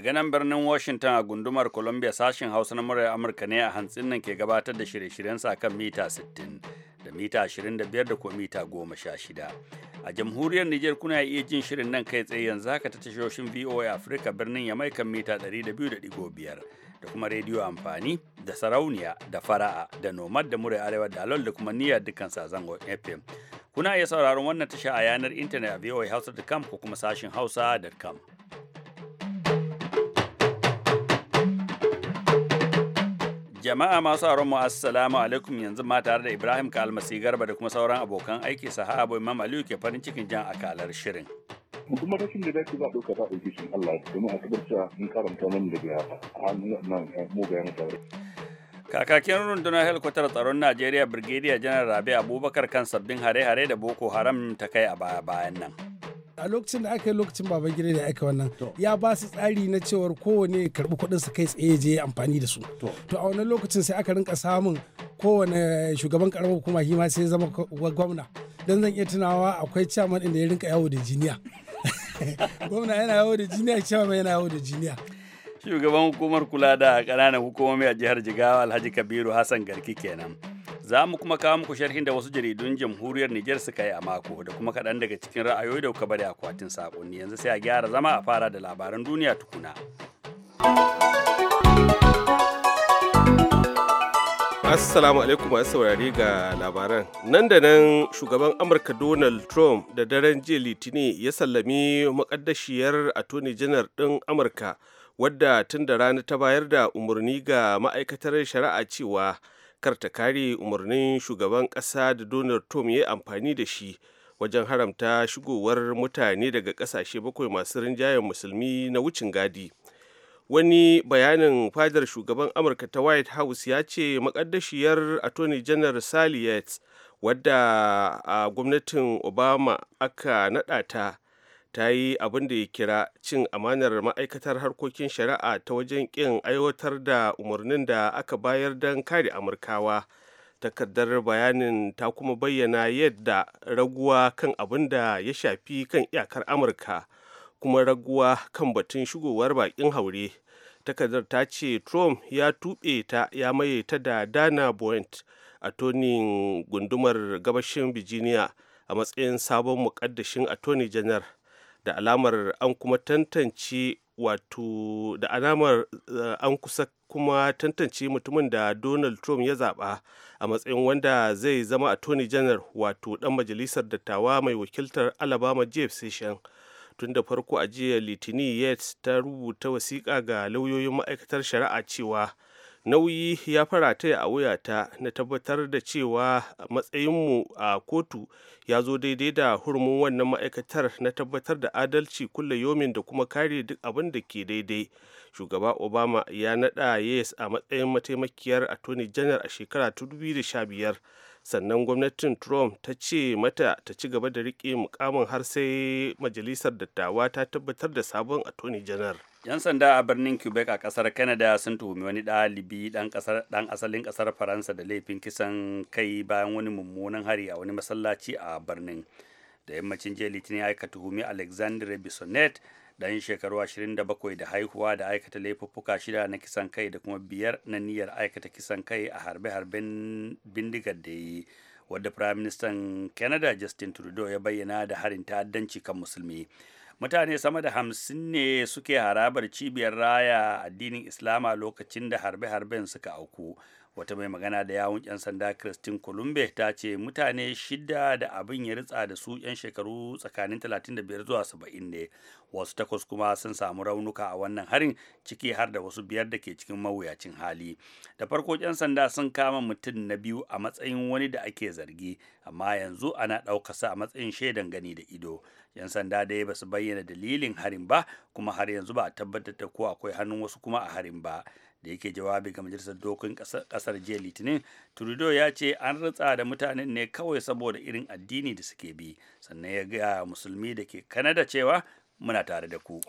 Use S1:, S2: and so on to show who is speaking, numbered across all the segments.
S1: Daga nan birnin Washington a gundumar Columbia sashen Hausa na murar Amurka ne a hantsin nan ke gabatar da shirye shiryen sa kan mita 60 da mita 25 da kuma mita 16. A jamhuriyar Nijar kuna iya jin shirin nan kai tsaye yanzu haka ta tashoshin VOA Africa birnin Yamai kan mita 200.5 da kuma rediyo amfani da sarauniya da fara'a da nomad da murai arewa da alol da kuma niyyar dukkan sazangon fm kuna iya sauraron wannan tasha a yanar intanet a voahausa.com ko kuma sashin hausa hausa.com Jama'a masu aron mu assalamu alaikum yanzu ma tare da Ibrahim Kalmasi Garba da kuma sauran abokan aiki sahabo Imam Aliyu ke farin cikin jan akalar shirin.
S2: kuma rashin da dace za a ɗauka za a ɗauki shi Allah domin a tabbatar mun karanta nan daga hannun nan eh, mugayen
S1: tsaro. Kakakin rundunar helikwatar tsaron Najeriya Brigadier Janar Rabi Abubakar kan sabbin hare-hare da Boko Haram ta kai a baya-bayan nan.
S3: a lokacin da aka yi lokacin baban gida da aka wannan ya ba su tsari na cewar kowane karbi kuɗin su kai tsaye je amfani da su to a wannan lokacin sai aka rinka samun kowane shugaban karamar hukuma shi ma sai zama gwamna dan zan iya tunawa akwai chairman inda ya rinka yawo da jiniya gwamna yana yawo da jiniya chairman yana yawo da jiniya
S1: shugaban hukumar kula da ƙananan hukumomi a jihar jigawa alhaji kabiru hassan garki kenan za mu kuma kawo muku sharhin da wasu jaridun jamhuriyar Nijar suka yi a mako da kuma kaɗan daga cikin ra'ayoyi da kuka bari akwatin saƙonni yanzu sai a gyara zama a fara da labaran duniya tukuna.
S4: Assalamu alaikum masu saurari ga labaran. Nan da nan shugaban Amurka Donald Trump da daren jiya litini ya sallami makaddashiyar Attorney General ɗin Amurka wadda tun da rana ta bayar da umarni ga ma'aikatar shari'a cewa kar ta kare umarnin shugaban ƙasa da donald trump ya amfani da shi wajen haramta shigowar mutane daga ƙasashe bakwai masu rinjayen musulmi na wucin gadi wani bayanin fadar shugaban amurka ta white house ya ce makaddashiyar attorney general sally wadda a gwamnatin obama aka naɗa ta ta yi abin da ya kira cin amanar ma'aikatar harkokin shari'a ta wajen ƙin aiwatar da umarnin da aka bayar don kare amurkawa takardar bayanin ta kuma bayyana yadda raguwa kan abin da ya shafi kan iyakar amurka kuma raguwa kan batun shigowar bakin haure takardar ta ce trump ya tuɓe ta ya maye ta da dana boynt tonin gundumar gabashin virginia a matsayin sabon mukaddashin attorney general da alamar an kuma tantance wato da alamar eh, an kusa kuma tantance mutumin da donald trump ya zaɓa a matsayin wanda zai zama attorney general wato ɗan majalisar dattawa mai wakiltar alabama jeff session tun da farko a jiya litini yates ta rubuta wasiƙa ga lauyoyin ma'aikatar shari'a cewa nauyi ya fara farataya a wuyata na tabbatar da cewa matsayinmu a kotu ya zo daidai da hurumin wannan ma'aikatar na tabbatar da adalci kulle yomin da kuma kare duk abin da ke daidai shugaba obama ya nada yes a matsayin mataimakiyar a attorney janar a shekara 2015 sannan gwamnatin trump ta ce mata ta ci gaba da riƙe mukamin har sai majalisar dattawa ta tabbatar da sabon attorney janar. 'Yan sanda a birnin Quebec a kasar Canada sun tuhumi wani
S1: ɗalibi ɗan asalin kasar Faransa da laifin kisan kai bayan wani mummunan hari a wani masallaci a birnin. Da yammacin jiya Litinin aika tuhumi Alexandre Bissonnet dan shekaru 27 da haihuwa da aikata laifuffuka shida na kisan kai da kuma biyar na niyyar aikata kisan kai a harbe-harben bindigar da yi wadda firaministan canada justin trudeau ya bayyana da harin ta'addanci kan musulmi mutane sama da hamsin ne suke harabar cibiyar raya addinin islama lokacin da harbe-harben suka auku wata mai magana da yawun 'yan sanda christine columbe ta ce mutane shida da abin ya ritsa da su 'yan shekaru tsakanin 35 zuwa 70 ne wasu takwas kuma sun samu raunuka a wannan harin ciki har da wasu biyar da ke cikin mawuyacin hali da farko 'yan sanda sun kama mutum na biyu a matsayin wani da ake zargi amma yanzu ana ɗaukasa a matsayin shaidan gani da ido 'yan sanda dai ba su bayyana dalilin harin ba kuma har yanzu ba a tabbatar da ko akwai hannun wasu kuma a harin ba da yake jawabi ga majalisar dokokin kasar jiya litinin trudeau ya ce an ritsa da mutanen ne kawai saboda irin addini da suke bi sannan ya ga musulmi da ke kanada cewa muna tare da ku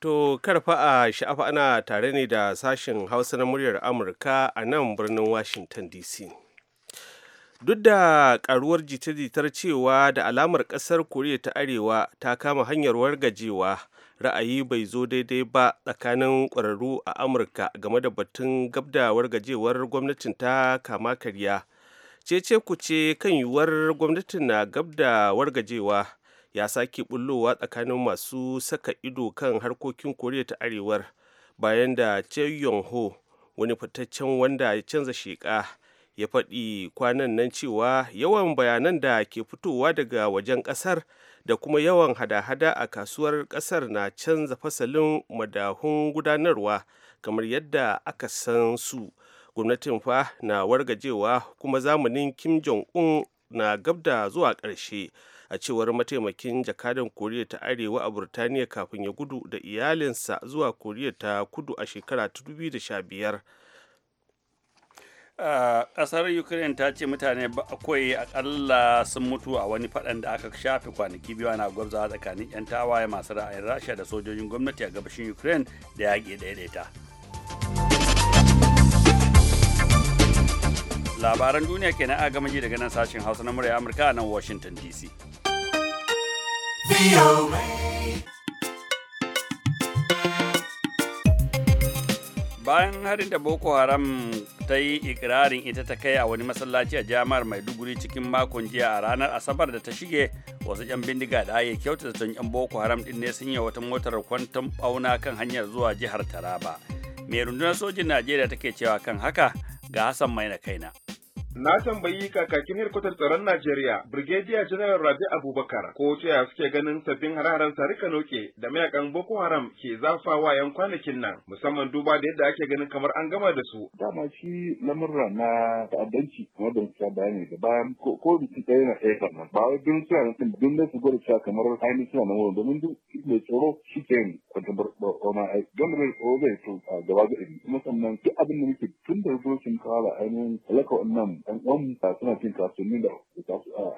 S4: to karfa a sha'afa ana tare ne da sashen hausa na muryar amurka a nan birnin washington dc duk da karuwar jita-jitar cewa da alamar kasar koriya ta arewa ta kama hanyar wargajewa ra'ayi bai zo daidai ba tsakanin ƙwararru a amurka game da batun gabdawar gajewar gwamnatin ta kama karya cece ce kan yiwuwar gwamnatin na gabdawar gajewa. ya sake bullowa tsakanin masu saka ido kan harkokin koriya ta arewar bayan da che ho wani fitaccen wanda ya canza sheƙa ya faɗi kwanan nan cewa yawan bayanan da ke fitowa daga wajen ƙasar da kuma yawan hada-hada a kasuwar kasar na canza fasalin madahun gudanarwa kamar yadda aka san su gwamnatin fa na wargajewa kuma zamanin kim jong-un na gabda zuwa ƙarshe a cewar mataimakin jakadan koriya ta arewa a burtaniya kafin ya gudu da iyalinsa zuwa koriya ta kudu a shekara 2015
S1: ƙasar ukraine ta ce mutane akwai akalla sun mutu a wani faɗan da aka shafe kwanaki biyu ana gwabza tsakanin 'yan tawaye masu ra'ayin rasha da sojojin gwamnati a gabashin ukraine da yaƙi daidaita labaran duniya ke a agamaji daga nan sashen hausa na murya amurka nan washington dc bayan harin da boko haram ta yi ikirarin ita ta kai a wani masallaci a jami'ar maiduguri cikin makon jiya a ranar asabar da ta shige wasu yan bindiga da ya kyauta da yan boko haram din ne sun yi wata motar kwantan bauna kan hanyar zuwa jihar taraba mai rundunar sojin najeriya take cewa kan haka ga hassan mai na kaina
S5: Na tambayi kakakin hirkutar tsaron Najeriya, Brigadier General Rabi Abubakar, ko ya suke ganin sabbin hararen sarika noke da mayakan Boko Haram ke zafawa yan kwanakin nan, musamman duba da yadda ake ganin kamar an gama da su.
S2: Dama shi lamurra na ta'addanci kamar da muka bayani da bayan ko mutum ɗaya na ɗaya kamar ba wai dun suna nufin dun da su gwada cewa kamar ainihin suna nan wurin domin duk mai tsoro shi ke yin kwantar barkona ai don mai tsoro bai so a gaba ga ɗari kuma sannan duk abin da muke tun da zuwa sun kawo ainihin halaka wannan ɗan uwan ba suna cin kasuwanni da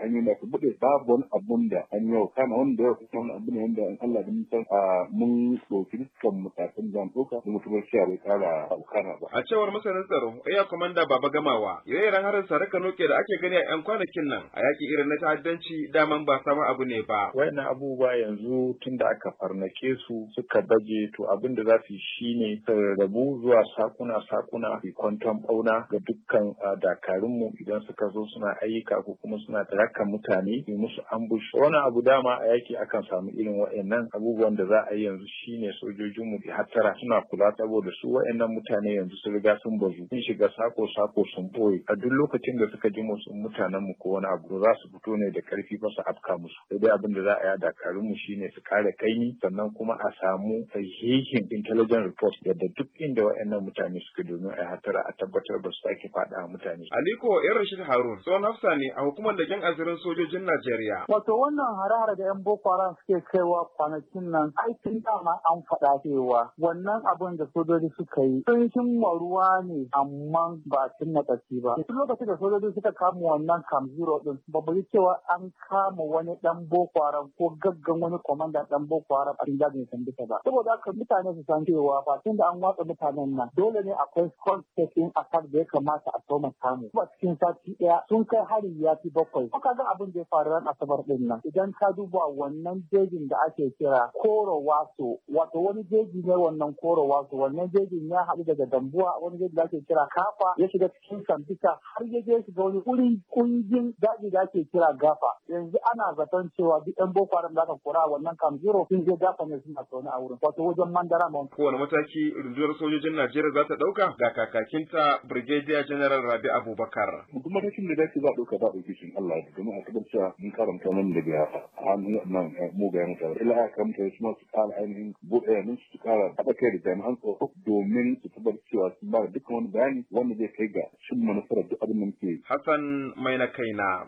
S2: hanyoyin da aka buɗe babu wani abun da an yau kana wanda ya kuma wani abun da wanda in Allah da mun san mun ɗauki dukkan matakan da ɗauka da mutumar a bai ƙara aukana ba.
S5: A cewar masanin tsaro ya komanda baba gamawa ire-iren harin sarrafa noke da ake gani a 'yan kwanakin nan a yaƙi irin na ta'addanci daman ba sama abu ne ba. Wayannan
S2: abubuwa yanzu tun da aka farnake su suka baje to abin da za su yi shine su rabu zuwa sakuna-sakuna kwanton ɓauna ga dukkan dakarun mu idan suka zo suna ayyuka ko kuma suna tarakka mutane yi musu ambush wani abu dama a yaki akan samu irin wa'annan abubuwan da za a yi yanzu shine sojojin mu hatara. suna kula saboda su wa'annan mutane yanzu sun riga sun bazu sun shiga sako sako sun boye a duk lokacin da suka ji musu mutanen mu ko wani abu za su fito ne da karfi fa su afka musu sai dai abin da za a yi a dakarun mu shine su kare kaini sannan kuma a samu sahihin intelligence report yadda duk inda wa'annan mutane suka domin a yi hattara a tabbatar ba su sake faɗa mutane.
S5: Aliko ko yan Rashid Harun tsohon hafsa ne a hukumar leken asirin sojojin Najeriya.
S2: Wato wannan harare da yan Boko Haram suke kaiwa kwanakin nan aikin dama an faɗa cewa wannan abin da sojoji suka yi sun cimma ruwa ne amma ba na tsaki ba. Duk lokacin da sojoji suka kama wannan kam zero din ba cewa an kama wani dan Boko Haram ko gaggan wani kwamandan dan Boko Haram a cikin dajin ba. Saboda haka mutane su san cewa ba tun da an watsa mutanen nan dole ne akwai a attack da ya kamata a soma samu. Ba cikin sati ɗaya sun kai hari ya fi bakwai. Ka ga abin da ya faru ran Asabar ɗin nan. Idan ka duba wannan jejin da ake kira Koro Waso, wato wani jeji ne wannan Koro Waso, wannan jejin ya haɗu daga Dambuwa, wani jeji da ake kira Kafa, ya shiga cikin Sambisa har ya je shiga wani wuri kungin daji da ake kira Gafa. Yanzu ana zaton cewa duk ɗan Boko Haram da aka kora wannan kam zero sun je Gafa ne suna a wurin, wato wajen Mandara Mount.
S5: Kowane mataki rundunar sojojin Najeriya za ta ɗauka ga kakakinta Brigadier General Rabi Abubakar. gyara
S2: duk matakin da dace za a ɗauka ba a ɗauki Allah da domin a tabbatar mun karanta nan da hannun nan eh, ga yanka. ila aka kamta su ma su kara ainihin buɗe yanin su kara haɗa kai da jami'an tsaro domin su tabbatar cewa sun ba duk wani bayani wanda zai kai ga cin manufarar duk abin da muke
S5: Hassan mai na kaina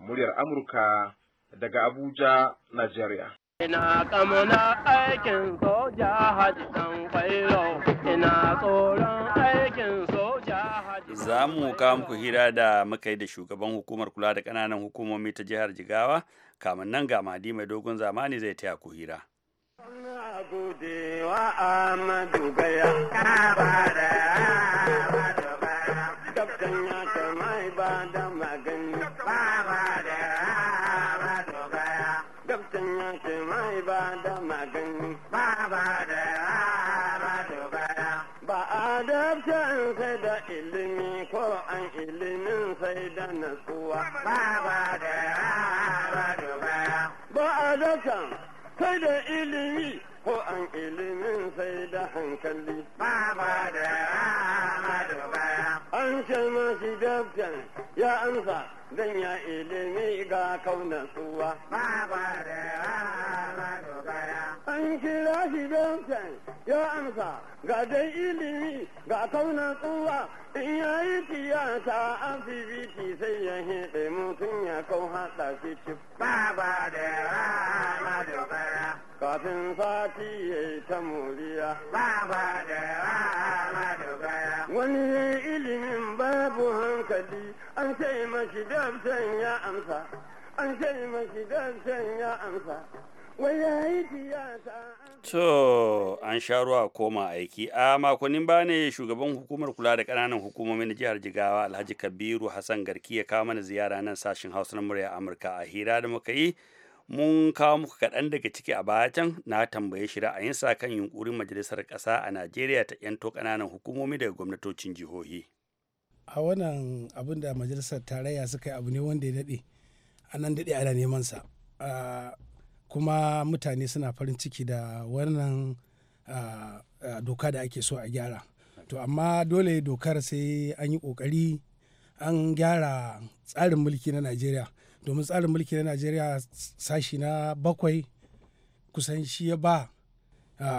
S5: muryar Amurka daga Abuja, Najeriya.
S6: Ina kamuna aikin soja haji dan kwairo, ina tsoron aikin soja haji.
S1: Za mu kawo muku hira da muka yi da shugaban hukumar kula da ƙananan hukumomi ta jihar Jigawa, kamun nan ga Madi mai dogon zamani zai taya ku hira.
S6: Ina gode wa Amadu Gaya, da magani ba ba da ba to bara ba adabtan sai da ilimi ko an ilimin sai da natsuwa ba ba da ba to bara ba adabtan sai da ilimi ko an ilimin sai da hankali ba ba da ba to bara an ce masu dabtan ya amsa zanya ilimi ga kauna suwa. Baba da ba Bara. An kira shi don can ya amsa ga dai ilimi ga kauna suwa in ya yi tiyata asibiti sai ya hiɗe mutum ya kau haɗa shi cif. Baba da ba Bara. Kafin sati ya yi ta moriya. Baba da ba Bara. Wani ilimin babu hankali. an ce mashi damsan ya amsa an ce mashi damsan ya amsa
S1: To an sha ruwa koma aiki a makonin ba ne shugaban hukumar kula da kananan hukumomin na jihar Jigawa Alhaji Kabiru Hassan Garki ya kawo mana ziyara nan sashen Hausa na murya Amurka a hira da muka yi mun kawo muku kaɗan daga ciki a bayan can na tambaye shi ra'ayinsa kan yunkurin majalisar ƙasa a Najeriya ta 'yanto ƙananan hukumomi daga gwamnatocin jihohi.
S3: a wannan abin da majalisar tarayya suka yi abu ne wanda ya daɗe a nan daɗe ana neman sa kuma mutane suna farin ciki da wannan doka da ake so a gyara to amma dole dokar sai an yi ƙoƙari an gyara tsarin mulki na najeriya domin tsarin mulki na najeriya sashi na bakwai kusan shi ya ba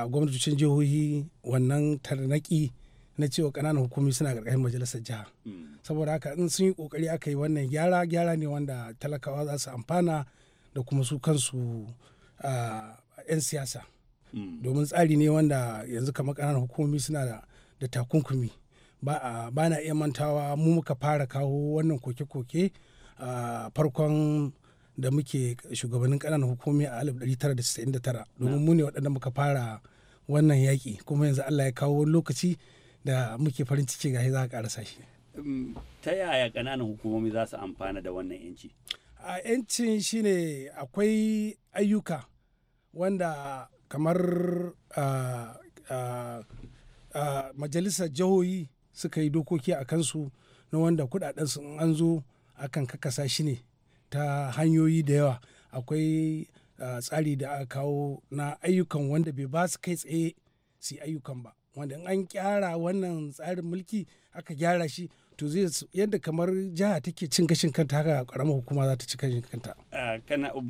S3: gwamnatocin jihohi wannan tarnaki na cewa ƙananan hukumi suna ƙarƙashin majalisar jiha mm. saboda haka in sun yi ƙoƙari aka yi wannan gyara gyara ne wanda talakawa za su amfana da kuma su kansu 'yan siyasa mm. domin tsari ne wanda yanzu kamar ƙananan hukumi suna da takunkumi ba na iya mantawa mu muka fara kawo wannan koke-koke a farkon da muke shugabannin ƙananan hukumi a 1999 domin mu ne waɗanda muka fara wannan yaƙi kuma yanzu allah ya kawo wani lokaci da muke farin ciki ga za a karasa shi
S1: ta yaya ƙananan hukumomi za su amfana da wannan yanci
S3: a yancin shine akwai ayyuka wanda kamar majalisar jihohi suka yi dokoki a kansu na wanda kudaden sun an zo akan kakasa shi ne ta hanyoyi da yawa akwai tsari da aka kawo na ayyukan wanda bai ba su kai tsaye su ayyukan ba wanda an kyara wannan tsarin mulki aka gyara shi to zai yadda kamar jiha take cin gashin kanta haka karamar hukuma za ta ci gashin kanta.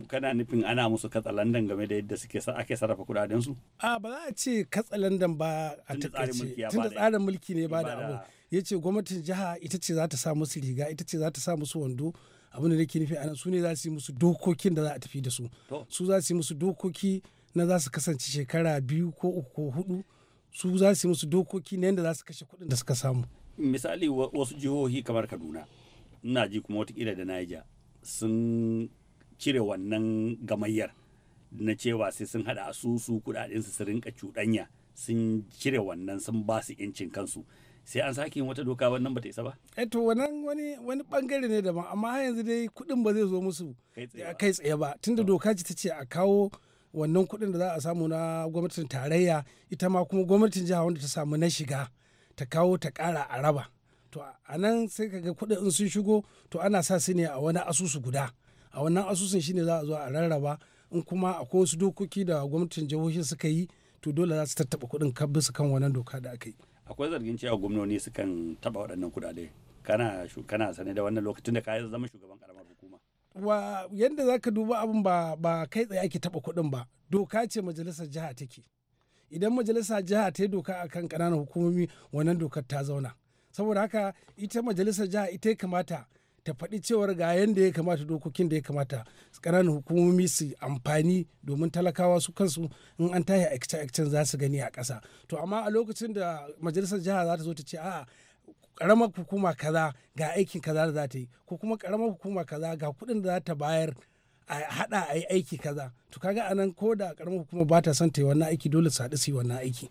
S1: kana nufin ana musu katsalandan game da yadda suke ake sarrafa kudaden su?
S3: a ba za a ce katsalandan ba a takaice tunda tsarin mulki ne ba da abu ya ce gwamnatin jiha ita ce za ta sa musu riga ita ce za ta sa musu wando abin da nake nufi anan su ne za su yi musu dokokin da za a tafi da su su za su yi musu dokoki na za su kasance shekara biyu ko uku ko hudu su za su yi musu dokoki na yadda za su kashe kuɗin da suka samu misali
S1: wasu jihohi kamar kaduna ina ji kuma watakila da Niger sun cire wannan gamayyar na cewa sai sun hada asusu kuɗaɗensu su rinka cuɗanya sun cire wannan sun ba su yancin kansu sai an sake yin wata doka wannan bata isa ba
S3: E, to wannan wani wani bangare ne daban amma yanzu dai kuɗin ba zai zo musu kai tsaye ba tunda doka ce ta ce a kawo wannan kuɗin da za a samu na gwamnatin tarayya ita ma kuma gwamnatin jiha wanda ta samu na shiga ta kawo ta ƙara a raba to a nan sai kaga kuɗin in sun shigo to ana sa su ne a wani asusu guda a wannan asusun shine za a zo a rarraba in kuma akwai wasu dokoki da gwamnatin jihohi suka yi to dole za su tattaɓa kuɗin kan bisa kan wannan doka da aka yi
S1: akwai zargin cewa gwamnoni sukan taɓa waɗannan kuɗaɗe kana kana sane da wannan lokacin da ka zama shugaban karamar
S3: wa yadda za ka duba abin ba, ba kai tsaye ake taɓa kuɗin ba doka ce majalisar jiha take idan majalisar jiha ta yi doka a kan ƙananan hukumomi wannan dokar ta zauna saboda haka ita majalisar jiha ita ya kamata ta faɗi cewar ga yadda ya kamata dokokin da ya kamata ƙananan hukumomi su amfani domin talakawa su kansu in an tahi aikace-aikacen za su gani a ƙasa to amma a lokacin da majalisar jiha za ta zo ta ce a'a karamar hukuma kaza ga aikin kaza da za ta yi ko kuma karamar hukuma kaza ga kuɗin da za ta bayar a haɗa a yi aiki kaza to kaga anan ko da karamar hukuma ba ta son ta yi wannan aiki dole su haɗu su yi wannan aiki.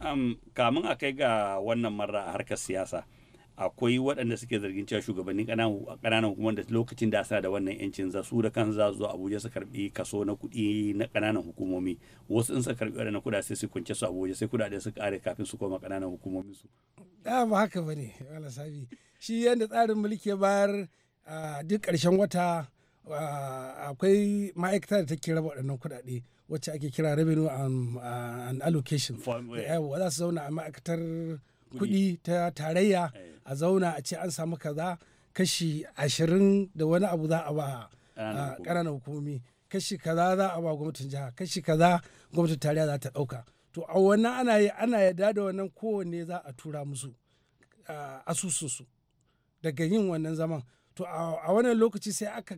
S1: Um, kamun a kai ga wannan marra a harkar siyasa akwai waɗanda suke zargin cewa shugabannin ƙananan hukumar da lokacin da suna da wannan yancin za su da kansu za su zo abuja su karbi kaso na kuɗi na ƙananan hukumomi wasu in suka karbi waɗannan kuɗa sai su kwance su abuja sai kuɗaɗe su kare kafin su koma ƙananan hukumomin su
S3: a ah, ba haka ba ne sabi shi yadda tsarin mulki ya bayar duk ƙarshen wata akwai ma'aikata da take raba waɗannan kuɗaɗe wacce ake kira revenue and allocation eh. za su zauna a ma'aikatar kuɗi ta tarayya eh. a zauna a ce an samu kaza kashi ashirin da wani abu za a ba ƙananan hukumomi kashi kaza za a ba gwamnatin jiha kashi kaza gwamnatin tarayya za ta ɗauka to a wannan ana yi ana yadda da wannan kowanne za a tura musu asusunsu daga yin wannan zaman to a wannan lokaci sai aka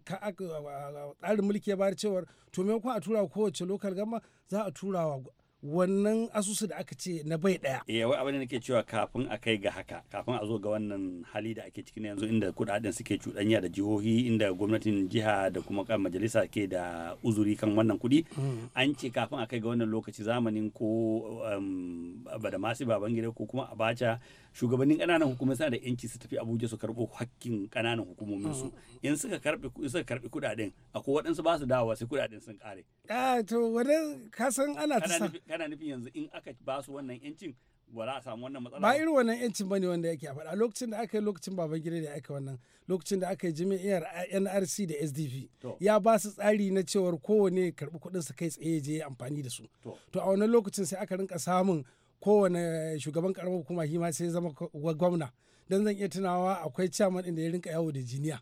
S3: tsarin mulki ya bayar cewar to maimakon a tura kowace lokal gama za a tura wa wannan asusu da aka ce na bai daya.
S1: Eh wai abin da nake cewa kafin a kai ga haka kafin a zo ga wannan hali da ake cikin yanzu inda kudaden suke cuɗanya da jihohi inda gwamnatin jiha da kuma kan majalisa ke da uzuri kan wannan kuɗi hmm. an ce kafin a kai ga wannan lokaci zamanin ko um, badamasi babangida ko kuma abacha shugabannin ƙananan hukumar suna da yanci su tafi abuja su karɓo hakkin ƙananan hukumomin su hmm. in suka karɓi suka karɓi kudaden akwai waɗansu ba su dawowa sai kudaden sun ƙare.
S3: Ah, to wani kasan ana ta
S1: kana nufin yanzu in aka ba su wannan yancin ba za a samu wannan matsala ba irin
S3: wannan yancin bane wanda yake a faɗa lokacin da aka yi lokacin baban gida da aka wannan lokacin da aka yi jami'ar NRC da SDP ya ba su tsari na cewar kowane karɓi kuɗin su kai tsaye je amfani da su to a wannan lokacin sai aka rinka samun kowane shugaban karamar hukuma hima ma sai zama gwamna dan zan iya tunawa akwai chairman inda ya rinka yawo da jiniya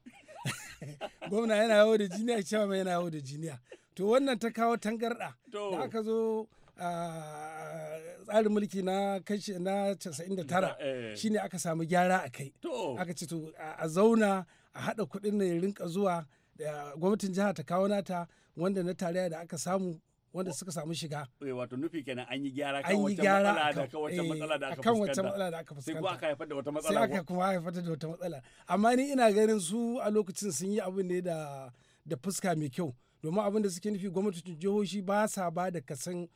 S3: gwamna yana yawo da jiniya chairman yana yawo da jiniya to wannan ta kawo tangarɗa da aka zo tsarin mulki na kashi na 99 eh. shine aka samu gyara a kai aka ce to a zauna a haɗa kuɗin na ya rinka zuwa gwamnatin jiha ta kawo nata wanda na tarayya da aka samu wanda suka samu shiga.
S1: Eh, wato nufi kenan an yi gyara kan wata matsala da aka fuskanta. Kan wata matsala da aka fuskanta. Sai kuma aka haifar da wata matsala. Sai aka kuma
S3: haifar da wata matsala. Amma ni ina ganin su a lokacin sun yi abin ne da da fuska mai kyau. Domin abin da suke nufi gwamnatin jihohi ba sa ba da kasan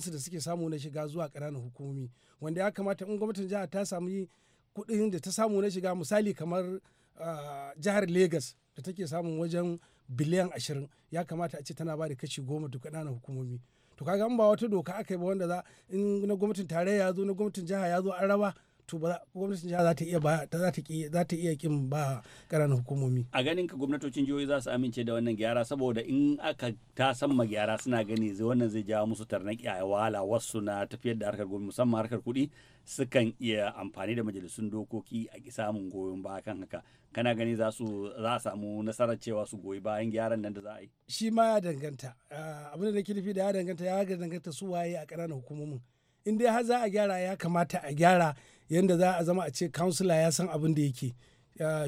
S3: su da suke samu na shiga zuwa ƙananan hukumomi wanda ya kamata in gwamnatin jiha ta samu kudin da ta samu na shiga misali kamar ah, jihar Legas da take samun wajen biliyan ashirin ya kamata a ce tana ba da kashi goma duk ƙananan hukumomi to kaga an ba wata doka aka yi ba wanda za in na gwamnatin tarayya ya zo na gwamnatin jiha ya zo an raba to ba gwamnatin jiha za ta iya ba ta za ta za ta iya kin ba ƙananan hukumomi
S1: a ganin ka gwamnatocin jihohi za su amince da wannan gyara saboda in aka ta san ma gyara suna gani zai wannan zai jawo musu tarnaki a wahala wasu na tafiyar da harkar gwamnati musamman harkar kuɗi sukan iya amfani da majalisun dokoki a samun goyon ba kan haka kana gani za su za a samu nasarar cewa su goyi bayan gyaran nan
S3: da za a yi shi ma ya danganta ah, abin da nake nufi da ya danganta ya danganta su waye a ƙananan hukumomin in dai har za a gyara ya kamata a gyara yadda za a zama a ce kansula ya san abin da yake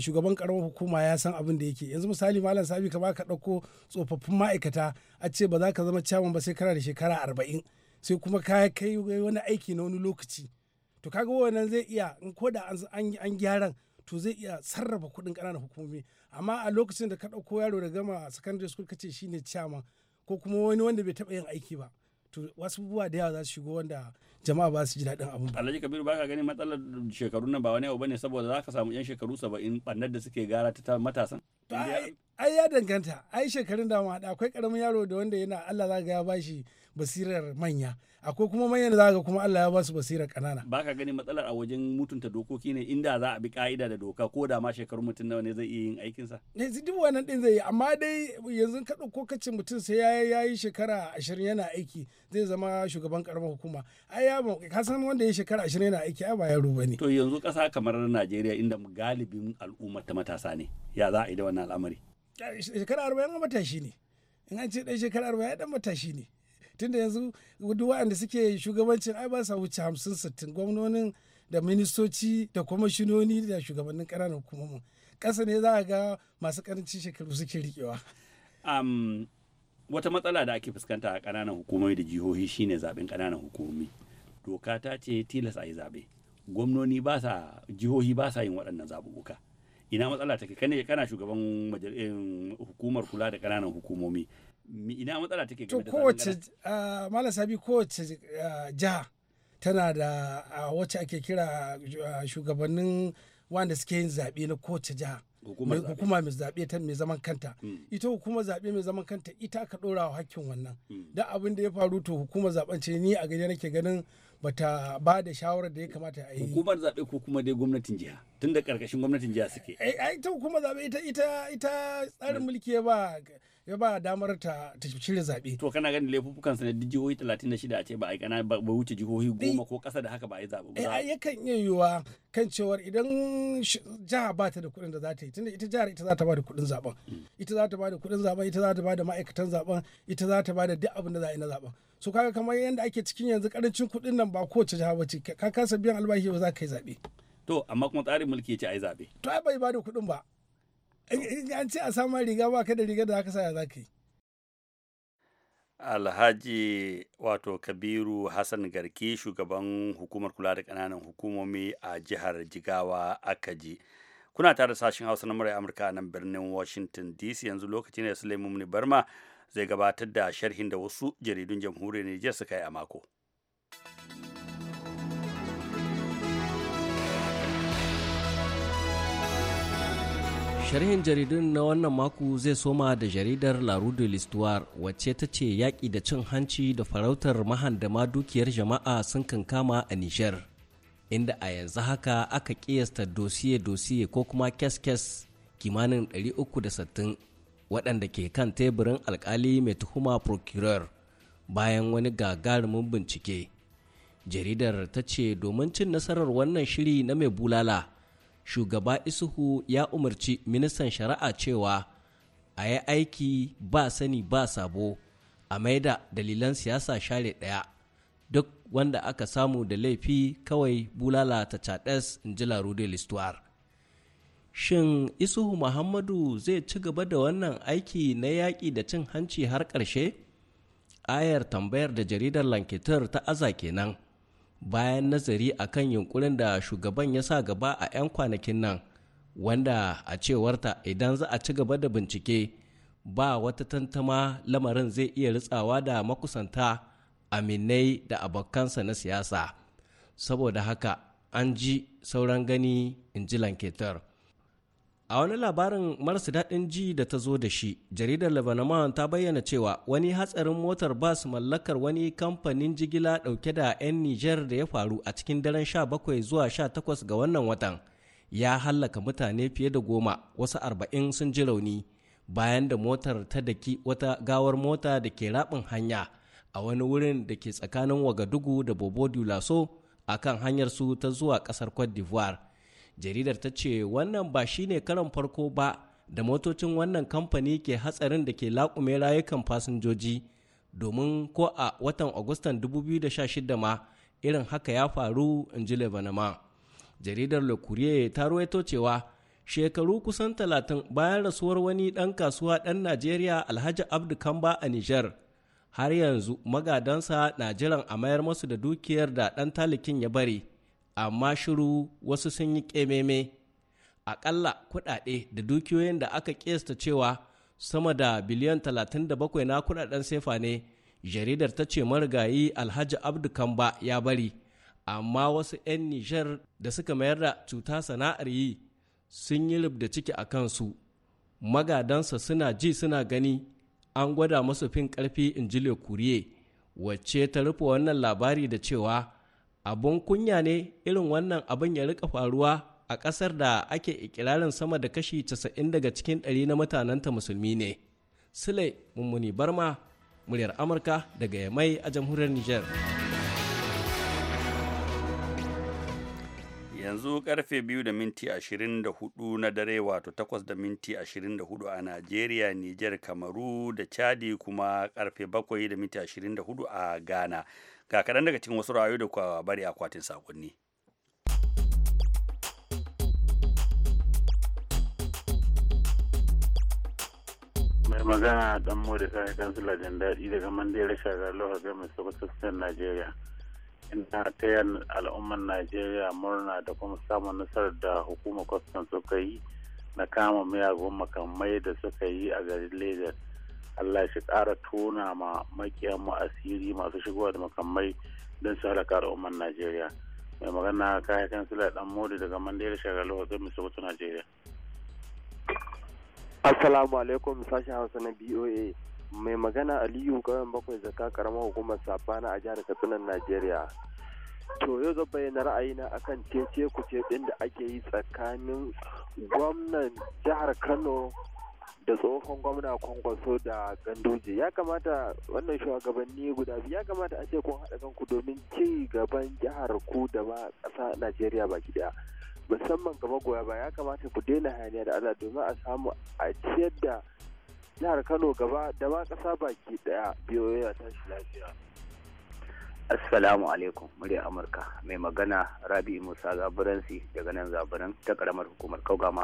S3: shugaban karamar hukuma ya san abin da yake yanzu misali malam sabi ka baka ɗauko tsofaffin ma'aikata a ce ba za ka zama caman ba sai kana da shekara arba'in sai kuma ka kai wani aiki na wani lokaci to kaga wannan zai iya in ko da an gyaran to zai iya sarrafa kuɗin ƙananan hukumomi amma a lokacin da ka ɗauko yaro da gama secondary school kace shine chairman ko kuma wani wanda bai taɓa yin aiki ba to wasu buwa da yawa za su shigo wanda jama'a ba su ji daɗin abin
S1: ba alhaji kabiru baka gani matsalar shekaru nan ba wani abu bane saboda za ka samu yan shekaru saba'in ɓannar da suke gara ta matasan
S3: ai ya danganta ai shekarun da ma akwai ƙaramin yaro da wanda yana Allah za ga ya bashi basirar manya akwai kuma manyan da ga kuma Allah ya ba su basirar kanana
S1: ba ka gani matsalar a wajen mutunta dokoki ne inda za a bi ka'ida da doka ko da ma shekaru mutum nawa ne zai iya yin aikin sa
S3: ne duk wannan din zai yi amma dai yanzu ka dauko kace mutum sai ya yi shekara 20 yana aiki zai zama shugaban karamar hukuma ai ya ka san wanda ya shekara 20 yana aiki ai ba yaro bane
S1: to yanzu kasa kamar Najeriya inda galibin al'umma ta matasa ne ya za a yi da wannan al'amari
S3: shekara 40 matashi ne in an ce dan shekara 40 dan matashi ne tunda yanzu duk wanda suke shugabancin ai ba sa wuce hamsin sittin gwamnonin da ministoci da kwamashinoni da shugabannin ƙananan hukumomi. ƙasa ne za a ga masu ƙarancin shekaru suke riƙewa.
S1: wata matsala da ake fuskanta a ƙananan hukumomi da jihohi shine zaben ƙananan hukumomi doka ta ce tilas a yi zaɓe gwamnoni ba sa jihohi ba sa yin waɗannan zaɓuɓɓuka ina matsala take kai kana shugaban hukumar kula da ƙananan hukumomi ina matsala take game da kowace
S3: ah, mala sabi kowace ah, jiha tana da ah, wacce ake kira shugabannin wanda suke yin zaɓe na kowace ja hukuma mai zaɓe ta mai zaman kanta hmm. ita hukuma zaɓe mai zaman kanta ita aka ɗora wa hakkin wannan hmm. da abin da ya faru to hukuma zaɓen ni a gani nake ganin bata ba da shawarar da ya kamata a yi
S1: hukumar zaɓe ko kuma dai gwamnatin jiha tun da ƙarƙashin gwamnatin jiha suke
S3: ai ta hukumar zaɓe ita ita ita tsarin mulki ya ba ya ba damar ta
S1: ta shirya zaɓe to kana ganin laifukan sa na jihohi 36 a ce ba a kana ba wuce jihohi goma ko ƙasa da haka ba a yi zaɓe ba eh,
S3: ai yakan iya yiwa kan cewar idan jiha ba ta da kuɗin da za ta yi tunda ita jihar ita za ta ba da kuɗin zaɓen mm. ita za ta ba da kuɗin zaɓen ita za ta ba da ma'aikatan zaɓen ita za ta ba da duk abin da za a yi na zaɓen su kaga kamar yadda ake cikin yanzu karancin kuɗin nan ba kowace jiha ba ce ka kasa biyan albashi ba za ka yi zaɓe.
S1: to amma kuma tsarin mulki ya ce a yi zaɓe.
S3: to ai bai bada kuɗin ba an ce a sama riga ba ka da riga da za ka za ka yi.
S1: alhaji wato kabiru hassan garki shugaban hukumar kula da kananan hukumomi a jihar jigawa akaji kuna tare sashen hausa na murai amurka nan birnin washington dc yanzu lokaci ne sulaimu barma zai gabatar da sharhin da wasu jaridun jamhuriyar Nijar suka yi a mako.
S7: Sharhin jaridun na wannan mako zai soma da jaridar La de l'Histoire wacce ta ce yaƙi da cin hanci da farautar mahandama dukiyar jama'a sun kankama a Nijar. Inda a yanzu haka aka ƙiyasta dosiye-dosiye ko kuma kes-kes kimanin 360 waɗanda ke kan teburin alkali mai tuhuma procurer bayan wani gagarumin bincike jaridar ta ce domin cin nasarar wannan shiri na mai bulala shugaba isuhu ya umarci ministan shari'a cewa a yi aiki ba sani ba sabo a maida dalilan siyasa share ɗaya duk wanda aka samu da laifi kawai bulala ta caɗes in ji larude Shin Isuhu Muhammadu zai ci gaba da wannan aiki na yaƙi da cin hanci har ƙarshe? Ayar tambayar da jaridar Lankitar ta aza kenan bayan nazari a kan yunkurin da shugaban ya sa gaba a 'yan kwanakin nan, wanda a cewarta idan za a ci gaba da bincike ba wata tantama lamarin zai iya ritsawa da makusanta aminai da abokansa na siyasa. Saboda haka an ji sauran gani in ji lanketar. A wani labarin marasa daɗin ji da ta zo da shi, jaridar Lebanon ta bayyana cewa wani hatsarin motar bas mallakar wani kamfanin jigila ɗauke da 'yan niger da ya faru a cikin daren 17 zuwa 18 ga wannan watan ya hallaka mutane fiye da goma, wasu 40 sun ji rauni bayan da motar ta daki wata gawar mota da ke rabin hanya a wani wurin da ke tsakanin Wagadugu da Bobo Dulaso a kan hanyarsu ta zuwa ƙasar Cote d'Ivoire. jaridar ta ce wannan ba shine karan farko ba da motocin wannan kamfani ke hatsarin da ke laƙume rayukan fasinjoji domin ko a watan agustan 2016 ma irin haka ya faru in ji lebanama jaridar le courrier ta ruwaito cewa shekaru kusan 30 bayan rasuwar wani ɗan kasuwa ɗan najeriya alhaji abdu kamba a niger har yanzu magadansa na jiran a mayar masu da dukiyar da ɗan talikin ya bari amma shiru wasu sun yi ƙememe aƙalla kuɗaɗe da dukiyoyin da aka ƙesta cewa sama da biliyan 37 na kuɗaɗen sefa ne jaridar ta ce marigayi alhaji abdu kamba ya bari amma wasu 'yan nijar da suka mayar da cuta sana'ar yi sun yi rubda ciki a kansu magadansa suna ji suna gani an gwada masu fin ƙarfi in ji kuriye wacce ta rufe wannan labari da cewa abun kunya ne irin wannan abin ya rika faruwa a ƙasar da ake ikirarin sama da kashi 90 daga cikin 100 na mutanenta musulmi ne. Sule Mummuni Barma, muryar Amurka daga Yamai a jamhuriyar niger.
S1: Yanzu karfe biyu da minti 24 na dare wato 8 da minti 24 a Najeriya, niger Kamaru da Chadi kuma karfe 7 da minti 24 a Ghana. ga kaɗan daga cikin wasu ra'ayoyi da kwa bari akwatin sakonni. mai magana
S8: dan mori kayan kansila jin daɗi daga mandela shagar lokacin mai sassan najeriya ina taya al'umman najeriya murna da kuma samun nasarar da hukumar kwastan suka yi na kama miyagun makamai da suka yi a garin lagos Allah shi ƙara tona ma makiyan mu asiri masu shigowa da makamai don su halaka umar Najeriya. Mai magana kaya sila dan Modi daga Mandela Shagali Hotel Misoto Najeriya.
S4: Assalamu alaikum sashen Hausa na BOA.
S8: Mai magana Aliyu kawai bakwai zaka karamar hukumar Safana a jihar Katsina Najeriya.
S7: to yau zan bayyana ra'ayina akan cece kuce din da ake yi tsakanin gwamnan jihar kano da tsohon gwamna kwankwaso
S8: da ganduje ya kamata wannan shugabanni guda biyu ya kamata a ce kun haɗa kanku domin ci gaban jihar ku da ma ƙasa najeriya baki daya musamman gaba goya ba ya kamata ku daina hayaniya da allah domin a samu a ciyar da jihar kano gaba da ma ƙasa baki daya biyoyi a tashi lafiya Assalamu alaikum murya Amurka mai magana Rabi Musa Zaburansi daga nan Zaburan ta karamar hukumar Kaugama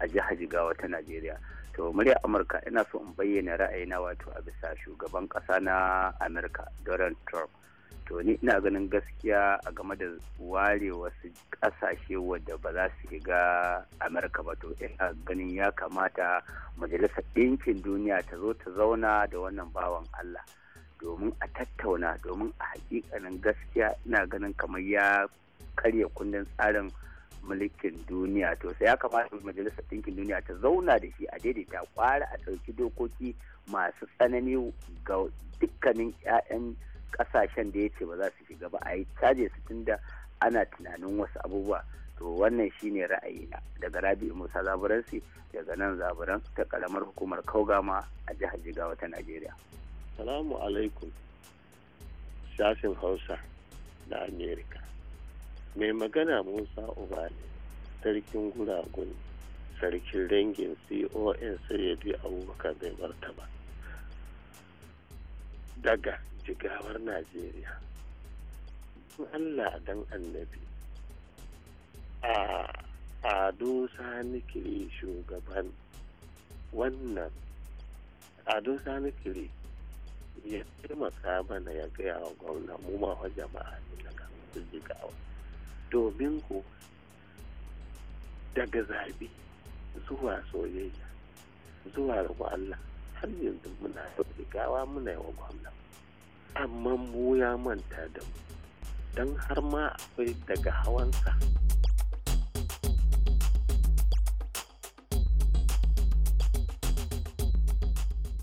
S8: a jihar Jigawa ta Najeriya. to murya amurka ina so in bayyana ra'ayina wato a bisa shugaban ƙasa na amurka donald trump to ni ina ganin gaskiya a game da ware wasu kasashe wadda ba za su shiga amurka ba to ina ganin ya kamata majalisar ɗinkin duniya ta zo ta zauna da wannan bawan allah domin a tattauna domin a hakikanin gaskiya ina ganin kamar ya karya kundin tsarin mulkin duniya to sai ya kamata majalisar ɗinkin duniya ta zauna da shi a daidaita kwara a ɗauki dokoki masu tsanani ga dukkanin 'ya'yan ƙasashen da ya ce ba za su shiga ba a yi caje su tunda ana tunanin wasu abubuwa to wannan shine ra'ayina daga rabi'u musa zaburansi daga nan zaburan ta karamar hukumar kaugama a jihar jigawa ta najeriya salamu alaikum sashen hausa na america mai magana musa ubali sarkin guragun sarkin rangin con sayyadi abubakar bai barta ba daga jigawar najeriya allah dan annabi a ado sani kiri shugaban wannan ado dosa nikiri ya taimaka mana ya gaya wa gwamna mu ma jama'a ne daga jigawa domin ku daga zabi zuwa soyayya zuwa ga Allah har yanzu muna gawa muna yawa gwamna amma mu ya manta da mu don har ma akwai daga hawansa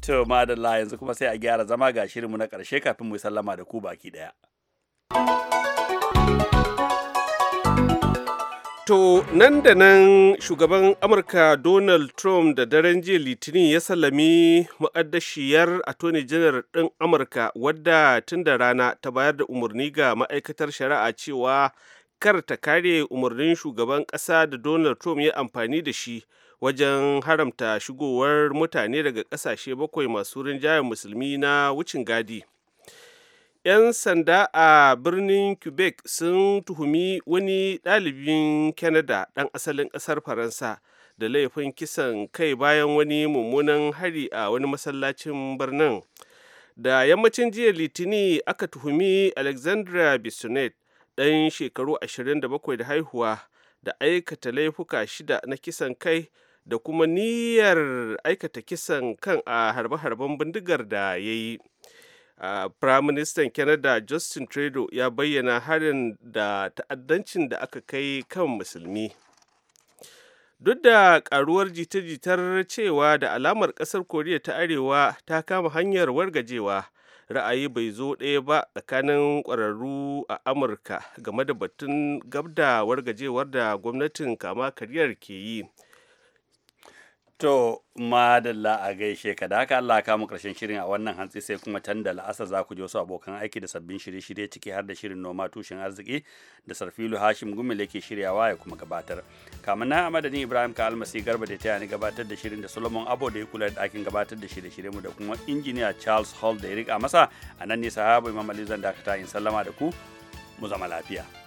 S1: To madalla yanzu kuma sai a gyara zama ga shirinmu na ƙarshe kafin mu sallama da ku baki ɗaya.
S4: To nan da nan shugaban Amurka Donald Trump da daren jiya Litinin ya sallami muƙaddashiyar Attorney General ɗin Amurka wadda tun da rana ta bayar da umarni ga ma'aikatar shari'a cewa kar ta kare umarnin shugaban ƙasa da Donald Trump ya amfani da shi wajen haramta shigowar mutane daga ƙasashe bakwai masu rinjayen musulmi na wucin gadi. 'yan sanda a birnin quebec sun tuhumi wani ɗalibin canada ɗan asalin ƙasar faransa da laifin kisan kai bayan wani mummunan hari a wani masallacin birnin da yammacin jiya litini aka tuhumi alexandra bisonet ɗan shekaru 27 da haihuwa da aikata laifuka shida na kisan kai da kuma niyyar aikata kisan kan a harbe-harben bindigar da ya yi prime Firaministan Canada Justin Trudeau ya bayyana harin da ta'addancin da aka kai kan musulmi. Duk da karuwar jita-jitar cewa da alamar ƙasar Koriya ta Arewa ta kama hanyar wargajewa, ra'ayi bai zo ɗaya ba tsakanin ƙwararru a Amurka game da batun gabda wargajewar da gwamnatin kama kariyar ke yi. To, madalla a gaishe ka da haka Allah kamu
S1: karshen shirin a wannan hantsi sai kuma can da la'asa za ku ji wasu abokan aiki da sabbin shirye-shirye ciki har da shirin noma tushen arziki da sarfilu Hashim gumile ke shiryawa ya kuma gabatar. Kamin na madadin Ibrahim ka almasi garba da ta yani gabatar da shirin da Solomon Abo da ya kula da ɗakin gabatar da shirye-shirye mu da kuma injiniya Charles Hall da ya riƙa masa a nan ne sahabu Imam Ali zan dakata in sallama da ku mu zama lafiya.